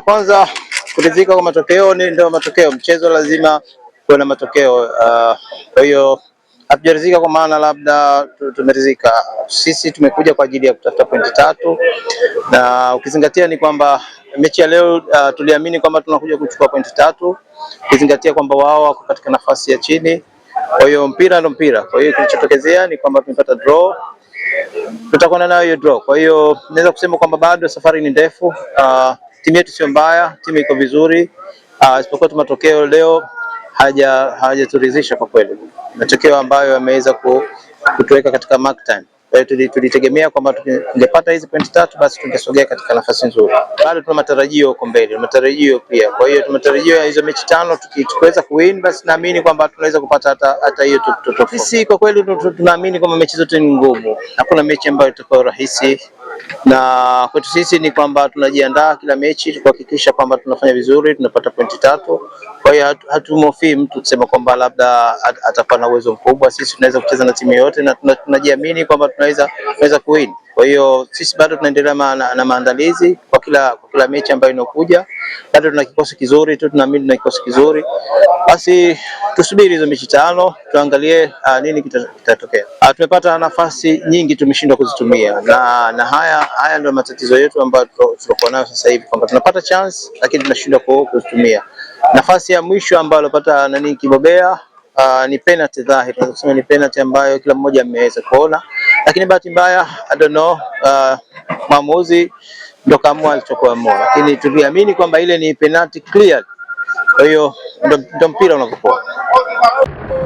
Kwanza kuridhika kwa matokeo ni ndio matokeo, mchezo lazima kuwe na matokeo. Ah, kwa hiyo hatujaridhika kwa maana labda tumeridhika Sisi tumekuja kwa ajili ya kutafuta pointi tatu, na ukizingatia ni kwamba mechi ya leo uh, tuliamini kwamba tunakuja kuchukua pointi tatu, ukizingatia kwamba wao wako katika nafasi ya chini. Kwa hiyo mpira ndio mpira. Kwa hiyo kilichotokezea ni kwamba tumepata draw tutakwenda nayo hiyo draw. Kwa hiyo naweza kusema kwamba bado safari ni ndefu. Uh, Timu yetu sio mbaya, timu iko vizuri ah, isipokuwa tu matokeo leo hajaturidhisha kwa kweli, matokeo ambayo yameweza kutuweka katika mark time. Kwa hiyo tulitegemea kwamba tungepata hizi pointi tatu, basi tungesogea katika nafasi nzuri. Bado tuna matarajio huko mbele, matarajio pia. Kwa hiyo tuna matarajio ya hizo mechi tano, tukiweza kuwin, basi naamini kwamba tunaweza kupata hata hata hiyo. Sisi kwa kweli tunaamini kwamba mechi zote ni ngumu, hakuna mechi ambayo itakuwa rahisi na kwetu sisi ni kwamba tunajiandaa kila mechi kuhakikisha kwamba tunafanya vizuri, tunapata pointi tatu. Kwa hiyo hatumhofii mtu kusema kwamba labda at, atakuwa na uwezo mkubwa. Sisi tunaweza kucheza na timu yoyote na tunajiamini kwamba tunaweza tunaweza kuwin. Kwa hiyo sisi bado tunaendelea na, na maandalizi kwa kila, kwa kila mechi ambayo inokuja. Bado tuna kikosi kizuri tu, tunaamini tuna kikosi kizuri, basi tusubiri hizo mechi tano tuangalie uh, nini kitatokea. Kita ah, tumepata nafasi nyingi tumeshindwa kuzitumia na, na haya, haya ndio matatizo yetu ambayo tunakuwa nayo sasa hivi kwamba tunapata chance lakini tunashindwa kuzitumia. Nafasi ya mwisho ambayo alipata nani Kibobea, ah, ni penalty dhahiri, tunasema ni penalty ambayo kila mmoja ameweza kuona lakini bahati mbaya I don't know uh, mwamuzi ndo kaamua alichokuwa mmoja, lakini tuliamini kwamba ile ni penalty clear. Kwa hiyo ndo mpira unavyokuwa.